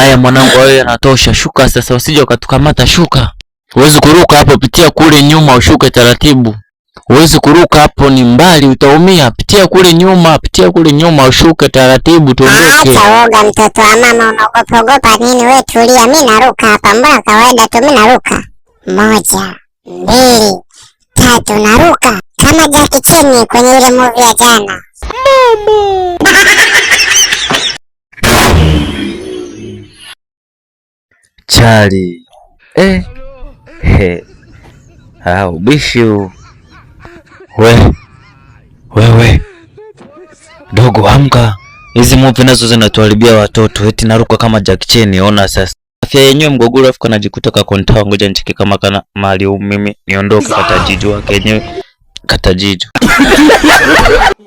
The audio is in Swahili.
Haya mwanangu, wewe anatosha, shuka sasa, usije ukatukamata. Shuka, huwezi kuruka hapo, pitia kule nyuma, ushuke taratibu. Huwezi kuruka hapo, ni mbali, utaumia. Pitia kule nyuma, pitia kule nyuma, ushuke taratibu, tuondoke. Ah, woga mtoto wa mama, unaogopa ogopa nini? Wewe tulia, mimi naruka hapa, mbona kawaida tu mimi naruka. Moja, mbili, tatu, naruka kama Jackie Chan kwenye ile movie ya jana, mama Chali eh, he, ah, ubishi huu we. Wewe dogo, amka! Hizi mupi nazo zinatuharibia watoto, eti naruka kama Jack Chan. Ona sasa afya yenyewe mgogoro, afu kanajikuta kakontawa. Ngoja nicheke kama kana mali mimi niondoke, katajijwa kenyewe katajiju